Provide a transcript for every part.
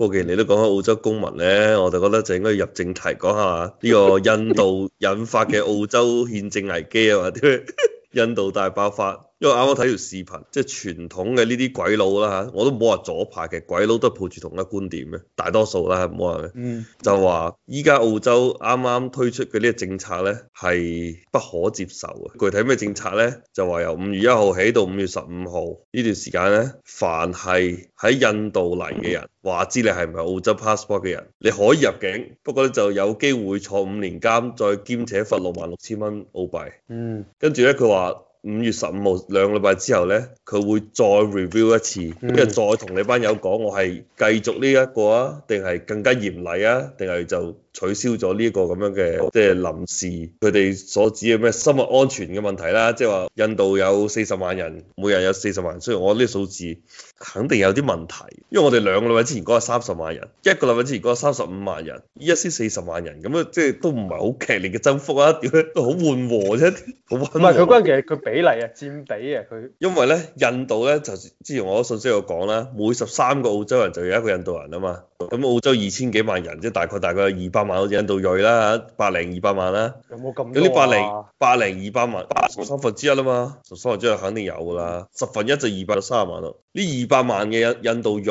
不過，既然、okay，你都講開澳洲公民呢，我就覺得就應該入正題講下呢個印度引發嘅澳洲憲政危機啊嘛，或者 印度大爆發。因為啱啱睇條視頻，即係傳統嘅呢啲鬼佬啦嚇，我都冇話左派嘅鬼佬都抱住同一觀點嘅，大多數啦，唔好話咩，嗯，就話依家澳洲啱啱推出嘅呢個政策咧，係不可接受嘅。具體咩政策咧？就話由五月一號起到五月十五號呢段時間咧，凡係喺印度嚟嘅人，話知你係唔係澳洲 passport 嘅人，你可以入境，不過咧就有機會坐五年監，再兼且罰六萬六千蚊澳幣。嗯，跟住咧佢話。五月十五號兩個禮拜之後咧，佢會再 review 一次，跟住、嗯、再同你班友講，我係繼續呢一個啊，定係更加嚴厲啊，定係就。取消咗呢一個咁樣嘅，即係臨時佢哋所指嘅咩生物安全嘅問題啦，即係話印度有四十萬人，每日有四十萬人，所以我啲數字肯定有啲問題，因為我哋兩個禮拜之前講係三十萬人，一個禮拜之前講係三十五萬人，依家先四十萬人，咁啊即係都唔係好劇烈嘅增幅啊，點解都好緩和啫？唔係佢關鍵係佢比例啊，佔比啊，佢因為咧印度咧，就之前我啲信息有講啦，每十三個澳洲人就有一個印度人啊嘛。咁澳洲二千幾萬人，即係大概大概有二百萬好似印度裔啦，百零二百萬啦。有冇咁多？嗰啲百零百零二百萬，十分之一啦嘛，十分之一肯定有噶啦。十分一就二百到三十萬咯。呢二百萬嘅印度裔，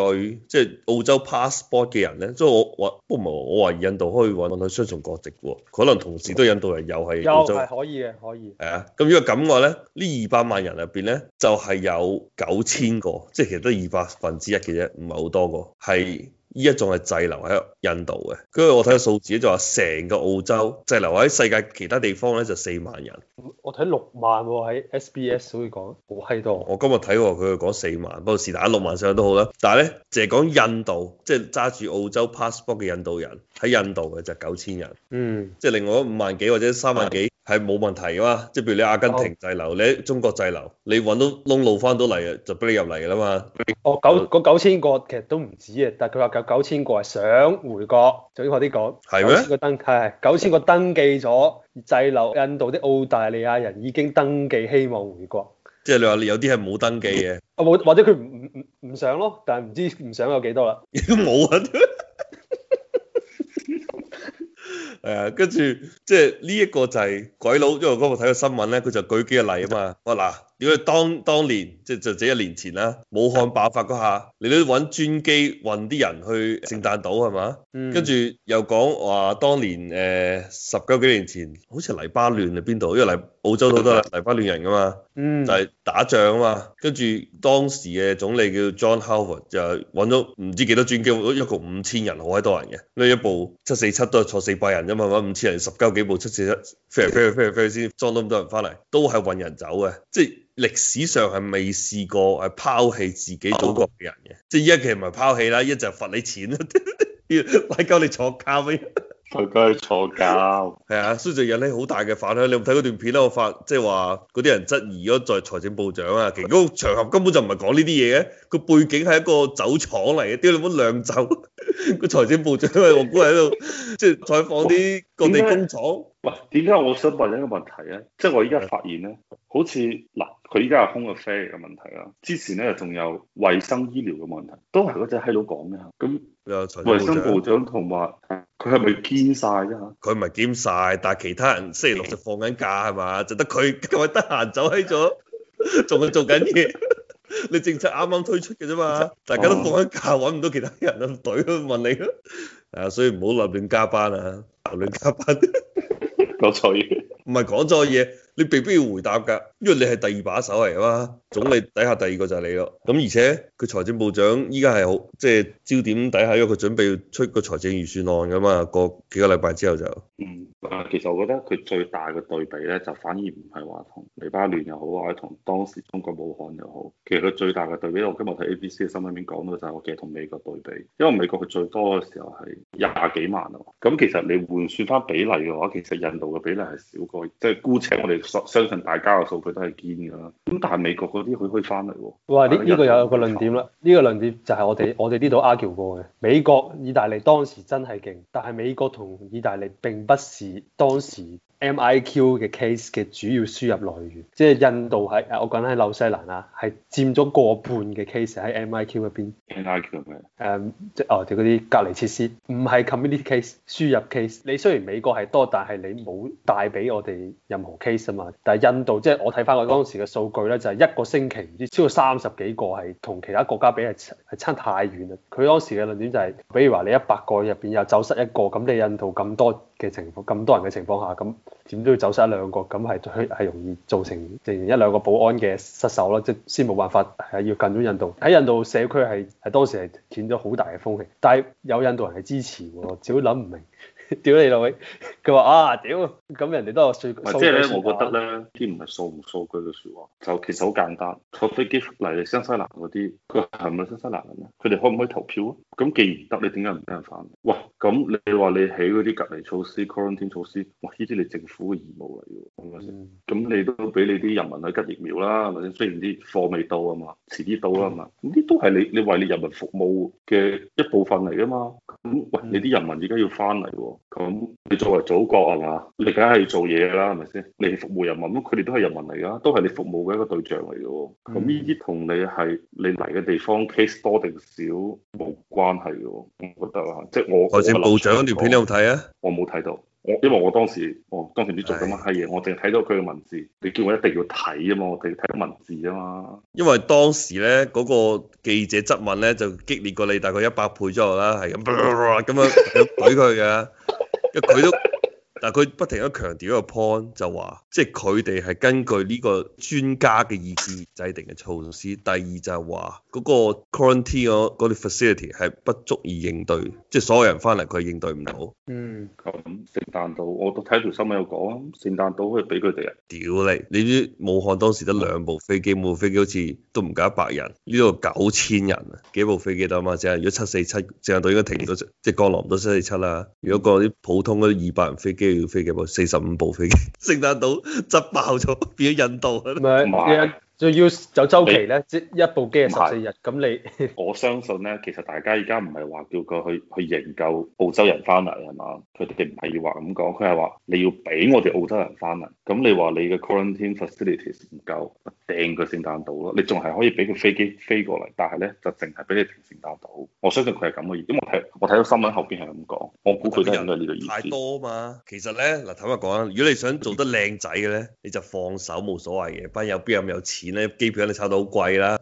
即係澳洲 passport 嘅人咧，即係我話不唔係我話，印度可以搵佢雙重國籍嘅，可能同時都印度人又係澳洲，可以嘅可以。係啊，咁如果咁嘅話咧，呢二百萬人入邊咧，就係、是、有九千個，即係其實都二百分之一嘅啫，唔係好多個係。依一種係滯留喺印度嘅。跟住我睇個數字咧就話成個澳洲滯留喺世界其他地方咧就四，是，萬人，我睇六萬喎，哦，喺 SBS 可以講好閪多。我，我今日睇過佢係講四萬，不過是但六萬上都好啦。但係咧，淨係講印度，即係揸住澳洲 passport 嘅印度人喺印度嘅就九千人，嗯，即係另外五萬幾或者三萬幾。係冇問題噶嘛，即係譬如你阿根廷滯留，、哦、留，你喺中國滯留，你揾到窿路翻到嚟就俾你入嚟噶啦嘛。哦，九九千個其實都唔止啊，但係佢話有九千個係想回國，就呢啲講。係咩？個登係九千個登記咗滯留印度啲澳大利亞人已經登記希望回國。即係你話你有啲係冇登記嘅。啊冇、嗯，或者佢唔唔唔想咯，但係唔知唔想有幾多啦。都冇啊！誒，跟住即係呢一個就係、是、鬼佬，因為嗰個睇個新聞咧，佢就舉幾個例啊嘛。我嗱，如果當當年即係就只一年前啦，武漢爆發嗰下，你都揾專機運啲人去聖誕島係嘛？跟住又講話當年誒十幾幾年前，好似黎巴嫩喺邊度？因為黎澳洲都得啦，黎巴嫩人噶嘛。嗯，就係 打仗啊嘛，跟住當時嘅總理叫 John Howard 就係揾咗唔知幾多專機，如一共五千人好閪多人嘅，你一部七四七都係坐四百人啫嘛，揾五千人十鳩幾部七四七飛嚟飛去，飛嚟飛去先裝到咁多人翻嚟，都係運人走嘅，即係歷史上係未試過係拋棄自己祖國嘅人嘅，即係其實唔係拋棄啦，一就罰你錢啦，買 鳩你坐咖啡。佢家去坐監，係 啊！所以就引起好大嘅反響，你有冇睇嗰段片咧？我發即係話嗰啲人質疑咗，個在財政部長啊，其實嗰個場合根本就唔係講呢啲嘢嘅，個背景係一個酒廠嚟嘅，屌你闆釀酒。個 財政部長因為我估係喺度即係採訪啲各地工廠。喂，點解我想問一個問題咧？即係我而家發現咧，的好似嗱佢依家係空個飛嘅問題啦，之前咧仲有衞生醫療嘅問題，都係嗰隻喺度講嘅。咁，有衞生部長同埋。佢係咪兼晒？啫？佢唔係兼晒，但係其他人星期六就放緊假係嘛？就得佢今日得閒走喺咗，仲係做緊嘢。 你政策啱啱推出嘅啫嘛，大家都放緊假，搵唔、哦、到其他人啊，隊都問你咯。啊， 所以唔好立亂加班啊，立亂加班。講 錯嘢，唔係講錯嘢。你未必要回答㗎，因為你係第二把手嚟啊嘛，總理底下第二個就係你咯。咁而且佢財政部長依家係好即係焦點底下，因為佢準備出個財政預算案㗎嘛，過幾個禮拜之後就。嗯。啊，其實我覺得佢最大嘅對比咧，就反而唔係話同尼泊爾又好，或者同當時中國武漢又好。其實佢最大嘅對比，我今日睇 A B C 嘅新聞面講到就係、我其實同美國對比，因為美國佢最多嘅時候係廿幾萬啊。咁其實你換算翻比例嘅話，其實印度嘅比例係少過，即係姑且。我哋。相信大家嘅數據都係堅㗎啦，咁但係美國嗰啲佢可以翻嚟喎。哇！呢呢個有一個論點啦，呢個論點就係我哋我哋呢度 argue 過嘅。美國意大利當時真係勁，但係美國同意大利並不是當時。M I Q 嘅 case 嘅主要輸入來源，即係印度喺啊，我講緊喺紐西蘭啊，係佔咗過半嘅 case 喺 M I Q 入邊。M I Q 係咩啊？即係、um, 哦，嗰啲隔離設施，唔係 community case 輸入 case。你雖然美國係多，但係你冇帶俾我哋任何 case 啊嘛。但係印度即係、就是、我睇翻佢當時嘅數據咧，就係、是、一個星期唔知超過三十幾個係同其他國家比係係差，差太遠啦。佢當時嘅論點就係、是，比如話你一百個入邊有走失一個，咁你印度咁多嘅情況咁多人嘅情況下咁。點都要走晒一兩個，咁係係容易造成定一兩個保安嘅失手咯，即係先冇辦法係要近咗印度喺印度社區係係當時係捲咗好大嘅風氣，但係有印度人係支持喎，只會諗唔明，屌你老味，佢話啊屌，咁人哋都有數據，即係咧，我覺得咧啲唔係數唔數據嘅説話，就其實好簡單，坐飛機嚟嚟新西蘭嗰啲，佢係咪新西蘭人咧？佢哋可唔可以投票啊？咁既然得，你點解唔俾人返？哇！咁你話你起嗰啲隔離措施、quarantine 措施，哇！呢啲你政府嘅義務嚟嘅喎，係咪先？咁、hmm. 你都俾你啲人民去拮疫苗啦，係咪先？雖然啲貨未到啊嘛，遲啲到啦嘛，咁呢、mm hmm. 都係你你為你人民服務嘅一部分嚟㗎嘛。咁喂，你啲人民而家要翻嚟喎，咁你作為祖國係嘛，你梗係做嘢噶啦，係咪先？你係服務人民，咁佢哋都係人民嚟噶，都係你服務嘅一個對象嚟嘅。咁呢啲同你係你嚟嘅地方 case 多定少冇關係嘅，我覺得啊，即係我。或者我我部長嗰段片有睇啊？我冇睇到。因為我當時哦，當時唔知做緊乜閪嘢，的我淨係睇到佢嘅文字。你叫我一定要睇啊嘛，我哋睇到文字啊嘛。因為當時咧，嗰個記者質問咧，就激烈過你大概一百倍左右啦，係咁咁樣，㨃佢嘅，佢 都。但係佢不停咁強調一個 point，就話即係佢哋係根據呢個專家嘅意見制定嘅措施。第二就係話嗰個 quarantine 嗰嗰啲 facility 係不足以應對，即係所有人翻嚟佢應對唔到。嗯，咁聖誕島我都睇條新聞有講啊，聖誕島可以俾佢哋啊。屌你知！你啲武漢當時得兩部飛機，冇部飛機好似都唔夠一百人，呢度九千人啊，幾部飛機得啊嘛？淨係如果七四七，成日都應該停咗，即係降落唔到七四七啦。如果過啲普通嗰啲二百人飛機。飛機冇四十五部飛機，聖誕島執爆咗，變咗印度。是 仲要走周期咧，即你一部機係十四日，咁是那你 我相信咧，其實大家而家唔係話叫佢去去營救澳洲人翻嚟啊嘛，佢哋唔係話咁講，佢係話你要俾我哋澳洲人翻嚟，咁你話你嘅 quarantine facilities 唔夠，掟佢聖誕島咯，你仲係可以俾個飛機飛過嚟，但係咧就淨係俾你停聖誕島。我相信佢係咁嘅意思，因為我睇我睇到新聞後邊係咁講，我估佢都有咁呢個意思。太多嘛，其實咧嗱，坦白講，如果你想做得靚仔嘅咧，你就放手冇所謂嘅，但係有邊咁有錢？咧機票你炒到好貴啦。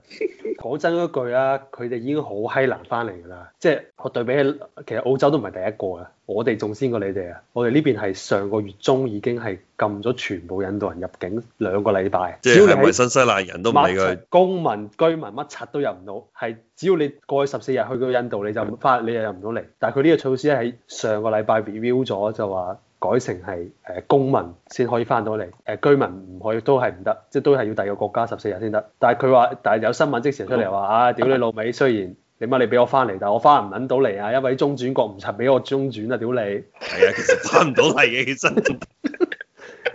講 真嗰句啊，佢哋已經好閪難翻嚟㗎啦。即係對比起其實澳洲都唔係第一個啊，我哋仲先過你哋啊。我哋呢邊係上個月中已經係禁咗全部印度人入境兩個禮拜。即係只要你唔係新西蘭人都唔理佢，公民居民乜柒都入唔到。係只要你過去十四日去到印度，你就翻你又入唔到嚟。但係佢呢個措施咧喺上個禮拜 review 咗就話。改成係誒公民先可以翻到嚟，誒、呃、居民唔可以都係唔得，即係都係要第二個國家十四日先得。但係佢話，但係有新聞即時出嚟話、嗯、啊，屌你老味，雖然你乜你俾我翻嚟，但係我翻唔撚到嚟啊！一位中轉國唔柒俾我中轉啊！屌你係啊！其實翻唔到嚟嘅，其實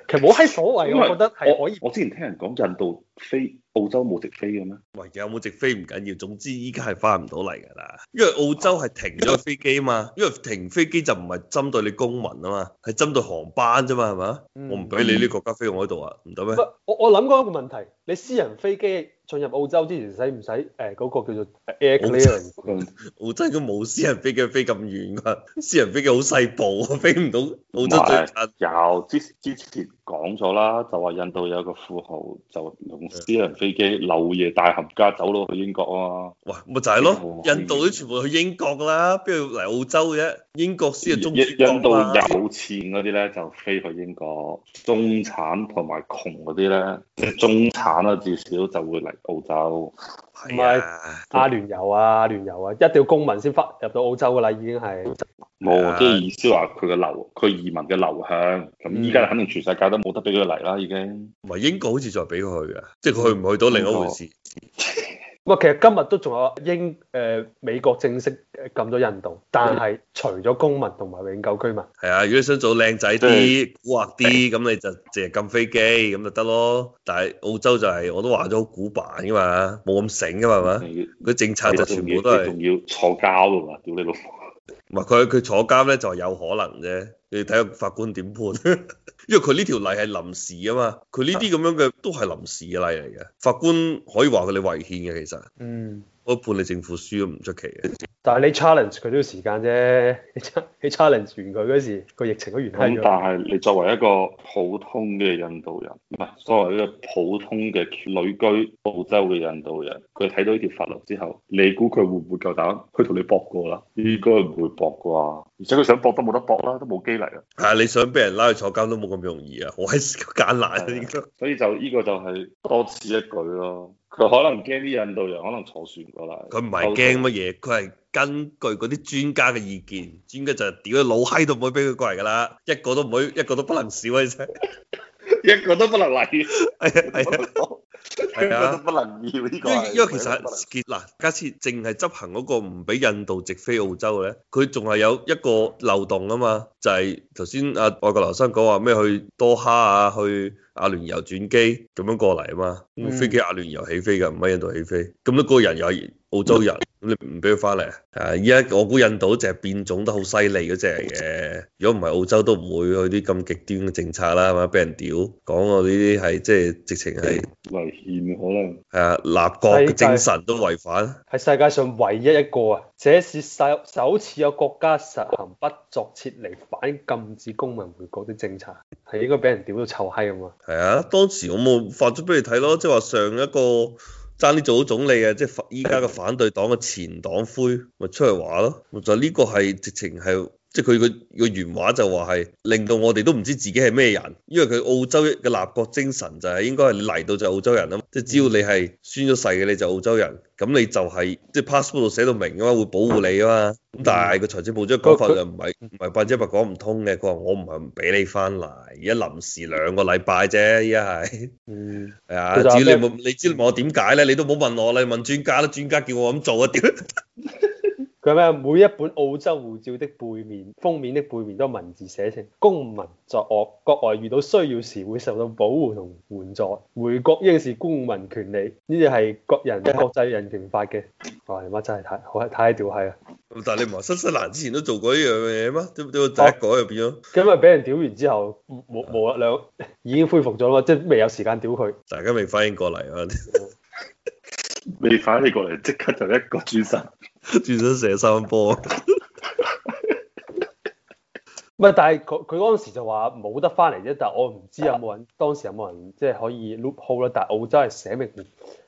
其實冇閪所謂，我覺得係可以 我。我之前聽人講印度飛。澳洲冇直飛嘅咩？喂，有冇直飛唔緊要，總之依家係翻唔到嚟噶啦。因為澳洲係停咗飛機啊嘛， 因為停飛機就唔係針對你公民啊嘛，係針對航班啫嘛，係嘛？嗯、我唔俾你呢個國家飛我喺度啊，唔得咩？我我諗過一個問題，你私人飛機進入澳洲之前使唔使誒嗰個叫做 air clearing 澳洲都冇、嗯、私人飛機飛咁遠噶， 私人飛機好細部，飛唔到澳洲對。有之之前講咗啦，就話印度有一個富豪就用私人。飛機漏夜大合家走咯去英國啊！喂，咪就係、是、咯，印度都全部去英國噶啦，不如嚟澳洲嘅、啊、啫？英國先係中產嘛。印度有錢嗰啲咧就飛去英國，中產同埋窮嗰啲咧，即係中產啦，至少就會嚟澳洲。唔係阿聯酋啊，聯酋啊，啊，一定要公民先返入到澳洲㗎啦，已經係。冇、哎呀，即係意思話佢嘅流，佢移民嘅流向，咁依家肯定全世界都冇得俾佢嚟啦，已經。唔係英國好似再俾佢去啊，即係佢去唔去到另一回事。國 哇，其實今日都仲有英誒、呃、美國正式禁咗印度，但係除咗公民同埋永久居民，係啊，如果你想做靚仔啲、古惑啲，咁的你就淨係禁飛機咁就得咯。但係澳洲就係、是、我都話咗好古板噶嘛，冇咁醒噶嘛，係嘛的，啲政策就全部都係仲要，要坐監啊嘛，屌你老佢佢坐監咧就有可能啫，你睇下法官點判， 因為佢呢條例係臨時啊嘛，佢呢啲咁樣嘅都係臨時嘅例嚟嘅，法官可以話佢哋違憲嘅，其實。嗯。嗰一半你政府輸都唔出奇嘅，但係你 challenge 佢都要時間啫，你 challenge 完佢嗰時個疫情都完低咗，但係你作為一個普通嘅印度人，唔係作為一個普通嘅旅居澳洲嘅印度人，佢睇到呢條法律之後，你估佢會唔會夠膽去同你搏過啦？應該唔會搏啩。而且佢想搏都冇得搏啦，都冇機嚟啦。係啊，你想俾人拉去坐監都冇咁容易啊，好閪艱難。所以就呢、呢個就係多此一舉咯。佢可能驚啲印度人可能坐船過嚟。佢唔係驚乜嘢，佢係 Okay. 根據嗰啲專家嘅意見，專家就係屌你老閪都唔可以俾佢過嚟噶啦，一個都唔可以，一個都不能少啊！真。 一個都不能嚟，係啊係，啊，係啊，都不能要呢個。因因為其實嗱，假設淨係執行嗰個唔俾印度直飛澳洲嘅咧，佢仲係有一個漏洞啊嘛，就係頭先阿外國劉生講話咩去多哈啊，去阿聯酋轉機咁樣過嚟啊嘛，飛機阿聯酋起飛噶，唔喺印度起飛，咁樣個人又。澳洲人你唔俾佢翻嚟啊？依家我估印度隻變種得好犀利嗰隻嘅，如果唔係澳洲都唔會去啲咁極端嘅政策啦，係咪？俾人屌講我呢啲係即係直情係違憲可能係啊，立國嘅精神都違反。係世界上唯一一個啊，這是首首次有國家實行不作撤離反禁止公民回國啲政策，係應該俾人屌到臭閪咁嘛？係啊，當時我冇發咗俾你睇咯，即係話上一個。爭啲做到總理啊！即係依家個反對黨嘅前黨魁咪出嚟話咯，就呢、是、個係直情係。即係佢佢個原話就話係令到我哋都唔知自己係咩人，因為佢澳洲嘅立國精神就係應該係嚟到就澳洲人啊，即係只要你係宣咗誓嘅你就澳洲人，咁你就係、是、即係 passport 度寫到明嘅話會保護你啊嘛。咁但係個財政部長嘅講法就唔係百分之一百講唔通嘅，佢話我唔係唔俾你翻嚟，而家臨時兩個禮拜啫，而家係。嗯。 啊，只要你問你知問我點解咧，你都冇問我你問專家啦，專家叫我咁做啊，屌！ 佢咩？每一本澳洲護照的背面、封面的背面都文字寫成：公民作惡國外遇到需要時會受到保護同援助，回國應是公民權利。呢啲係國人嘅國際人權法嘅。哇！你乜真係太好，太屌閪啊！咁但係你唔係新西蘭之前都做過呢樣嘢咩？點點解改又變咗？咁咪俾人屌完之後，冇冇啦兩已經恢復咗嘛？即係未有時間屌佢，大家未反應過嚟啊！未 反應過嚟，即刻就一個轉身。轉身射三分波 唔係，但係佢佢嗰陣時就話冇得翻嚟啫，但係我唔知有冇人當時有冇人即係可以 loophole 啦。但係澳洲係寫明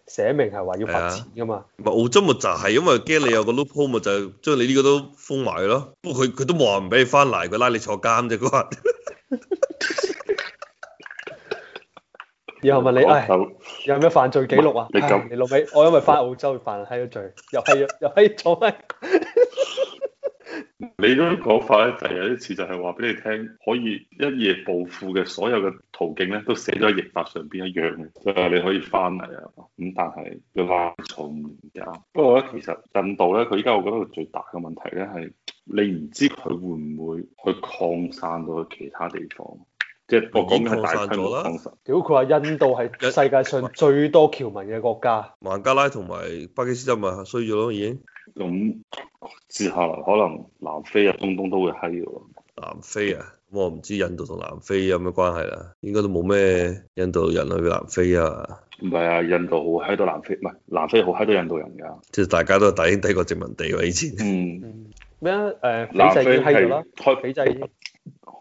寫明係話要罰錢噶嘛，唔係、啊、澳洲咪就係因為驚你有個 loophole 咪就將你呢個都封埋咯，不過佢佢都冇話唔俾你翻嚟，佢拉你坐監啫，佢話。然後問你，就唉，有咩犯罪記錄啊？你咁，你錄尾，我因為翻澳洲犯咗個罪， 又係又係坐低。 你嗰啲講法咧，就有一次就係話俾你聽，可以一夜暴富嘅所有嘅途徑咧，都寫咗喺刑法上邊一樣嘅，即係你可以翻嚟啊。咁 但係你話坐唔年監，不過咧其實印度咧，佢依家我覺得佢最大嘅問題咧係，你唔知佢會唔會去擴散到去其他地方。即係破綻係大咗啦。屌，佢話印度係世界上最多僑民嘅國家。孟加拉同埋巴基斯坦咪衰咗咯，已經。咁，接下來可能南非啊、東東都會閪嘅。南非啊？我唔知印度同南非有咩關係啦、啊。應該都冇咩印度人去南非啊。唔係啊，印度好閪多南非，唔係南非好閪多印度人㗎。即係大家都係大英帝國殖民地喎、啊，以前。嗯。咩、嗯、啊？誒、呃，南非閪啦，開俾制。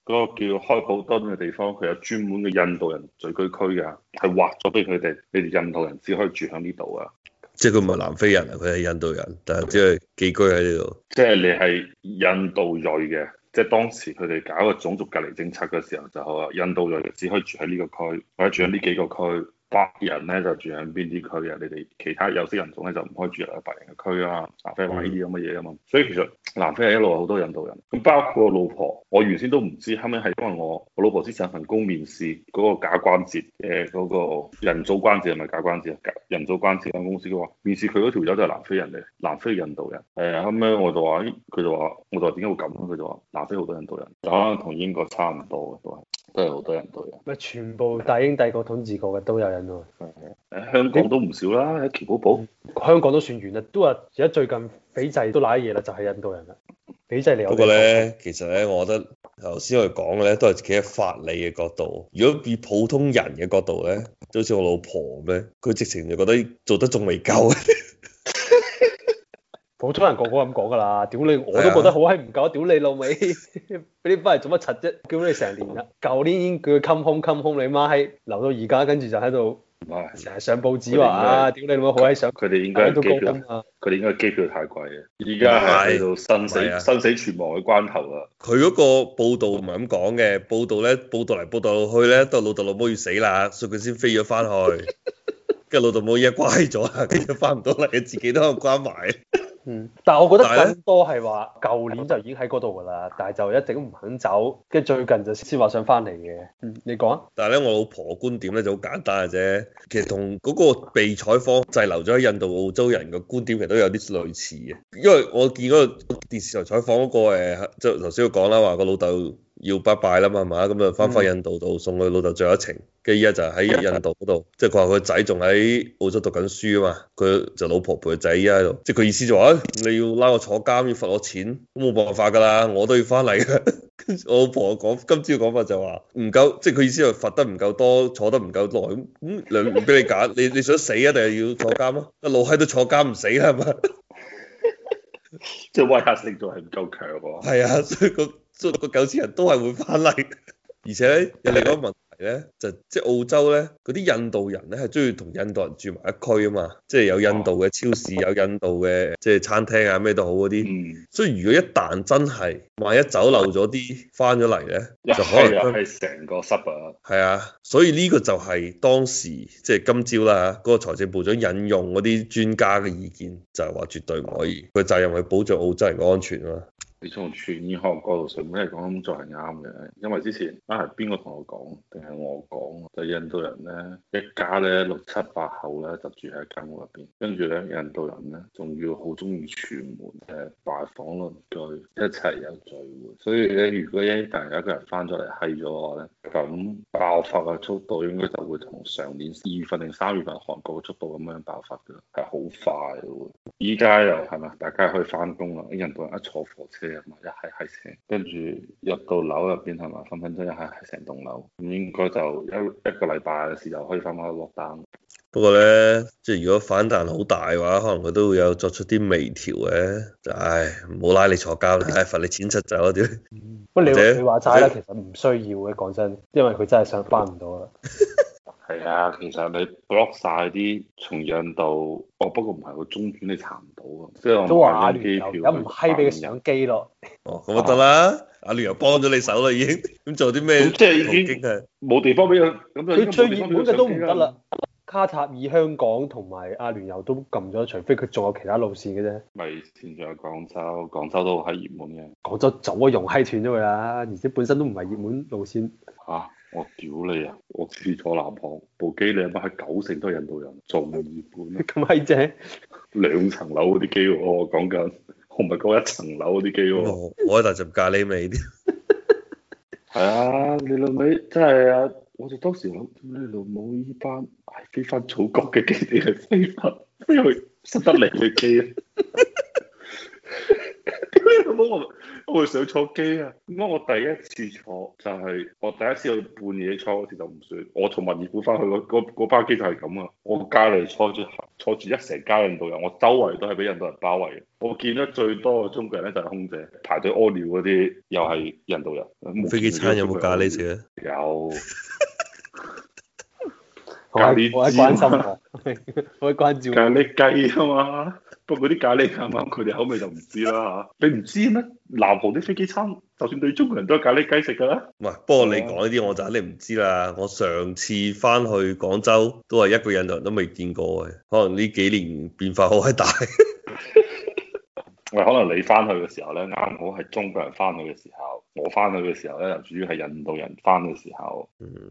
嗰個叫開普敦嘅地方，佢有專門嘅印度人聚居區㗎，係劃咗俾佢哋。你哋印度人只可以住響呢度啊，即係佢唔係南非人，佢係印度人，但係只係寄居喺呢度。即係你係印度裔嘅，即係當時佢哋搞個種族隔離政策嘅時候，就好啊。印度裔只可以住喺呢個區，或者住喺呢幾個區。白人咧就住喺邊啲區啊？你哋其他有色人種咧就唔可以住喺白人嘅區啊。南非話呢啲咁嘅嘢啊嘛，所以其實南非係一路有好多印度人。咁包括我老婆，我原先都唔知，後尾係因為我我老婆先上份工面試嗰、那個假關節嘅嗰、那個人造關節係咪假關節啊？人造關節間公司嘅話面試佢嗰條友就係南非人嚟，南非印度人。係啊，後尾我就話，佢就話，我就話點解會咁咧？佢就話南非好多印度人，可能同英國差唔多嘅都係。都係好多印度人，唔係全部大英帝國統治過嘅都有印度人。啊、嗯，香港都唔少啦，喺喬你寶寶、嗯。香港都算完啦，都話而家最近斐濟都賴嘢啦，就係、是、印度人啦。斐濟嚟。不過咧，其實咧，我覺得頭先我哋講嘅咧，都係企喺法理嘅角度。如果以普通人嘅角度咧，就好似我老婆咁咧，佢直情就覺得做得仲未夠。 好通人個個咁講㗎啦，屌你！我都覺得好閪唔夠，屌你老味！俾啲翻嚟做乜柒啫？叫你成年啦，舊年已經叫佢 come home come home，你媽喺留到而家跟住就喺度，唔成日上報紙話啊，屌你老母好閪想。佢哋應該機票，佢哋應該機票太貴啊！而家係生死生死存亡嘅關頭啦。佢嗰個報道唔係咁講嘅，報道咧報道嚟報道去咧，都老豆老母要死啦，所以佢先飛咗翻去，跟住老豆老母嘢乖咗，跟住翻唔到嚟，自己都喺度關埋。嗯，但係我覺得更多係話舊年就已經喺嗰度噶啦，但係就一直都唔肯走，跟住最近就先話想翻嚟嘅。嗯，你講啊。但係咧，我老婆嘅觀點咧就好簡單嘅啫，其實同嗰個被採訪滯、就是、留咗喺印度澳洲人嘅觀點其實都有啲類似嘅，因為我見嗰個電視台採訪嗰、嗰個即係頭先佢講啦，話、呃、個老豆。要拜拜啦嘛，係嘛，咁啊，翻返印度度送佢老豆最後一程。跟住依家就喺印度度，即係佢話佢仔仲喺澳洲讀緊書啊嘛，佢就老婆陪佢仔依家喺度。即係佢意思就話，你要拉我坐監，要罰我錢，咁冇辦法噶啦，我都要翻嚟。 我老婆講今朝講法就話，唔夠，即係佢意思就罰得唔夠多，坐得唔夠耐。咁咁兩俾你揀，你你想死啊，定係要坐監咯？阿老喺度坐監唔死啦，係嘛？ 即係威嚇力度係唔夠強喎，係啊，所以、那個所以個九千人都係會翻嚟，而且咧人哋嗰個文。咧就即係澳洲咧，嗰啲印度人咧係中意同印度人住埋一區啊嘛，即係有印度嘅超市，有印度嘅即係餐廳啊咩都好嗰啲。嗯、所以如果一旦真係萬一走漏咗啲翻咗嚟咧，呢就可能係成個濕啊。係啊，所以呢個就係當時即係今朝啦吓，嗰個財政部長引用嗰啲專家嘅意見，就係話絕對唔可以，佢責任去保障澳洲人嘅安全啊。你從傳染學角度上嚟講咁做係啱嘅，因為之前啊邊個同我講定係我講，就印度人咧一家咧六七八口咧就住喺一間屋入邊，跟住咧印度人咧仲要好中意串門誒拜訪鄰居，一齊有聚會，所以咧如果一旦有一個人翻咗嚟閪咗嘅話咧，咁爆發嘅速度應該就會同上年二月份定三月份韓國嘅速度咁樣爆發嘅，係好快嘅喎，依家又係嘛，大家可以返工啦，印度人一坐火車。係係係成，跟住入到樓入邊係嘛，分分鐘一係係成棟樓，應該就一一個禮拜嘅時候可以返返落單。不過咧，即係如果反彈好大嘅話，可能佢都會有作出啲微調嘅。唉，好拉你坐監，唉，罰你錢出走嗰啲。不過你你話齋啦，其實唔需要嘅，講真，因為佢真係想翻唔到啦。係啊，其實你 block 晒啲從印度哦，不過唔係個中轉你查唔到，就是哦、啊，即係我唔買機票，有唔閪俾佢上機咯。哦，咁啊得啦，阿聯又幫咗你手啦已經，咁 做啲咩？即係已經冇地方俾佢，佢最熱門嘅都唔得啦。卡塔爾、香港同埋阿聯酋都撳咗，除非佢仲有其他路線嘅啫。咪前咗，有廣州，廣州都係熱門嘅。廣州就阿容閪斷咗佢啦，而且本身都唔係熱門路線。啊！我屌你啊！我次坐南航部機，你阿媽九成都係印度人，仲二本、啊 棒。咁閪正，兩層樓嗰啲機，我講緊，我唔係講一層樓嗰啲機。我喺特登咖喱味啲。係啊，你老味，真係啊！我就當時諗，你老母呢班係飛翻祖國嘅機，定係飛翻飛去新德里嘅機啊？ 你老母。我會想坐機啊！點解我第一次坐就係我第一次去半夜坐嗰時就唔算。我從物爾股翻去嗰嗰班機就係咁啊！我隔離坐住坐住一成家印度人，我周圍都係俾印度人包圍。我見得最多嘅中國人咧就係空姐，排隊屙尿嗰啲又係印度人。飛機餐有冇咖喱食咧？有。 咖喱雞，我關心啊，我關照。咖喱雞啊嘛，不過啲咖喱雞啊，佢哋口味就唔知啦。你唔知咩？南韓啲飛機餐，就算對中國人，都係咖喱雞食噶啦。唔係，不過你講呢啲我就肯定唔知啦。我上次翻去廣州，都係一個印度人都未見過，可能呢幾年變化好閪大。 喂，可能你翻去嘅時候咧，啱好係中國人翻去嘅時候；我翻去嘅時候咧，又主要係印度人翻嘅時候。嗯。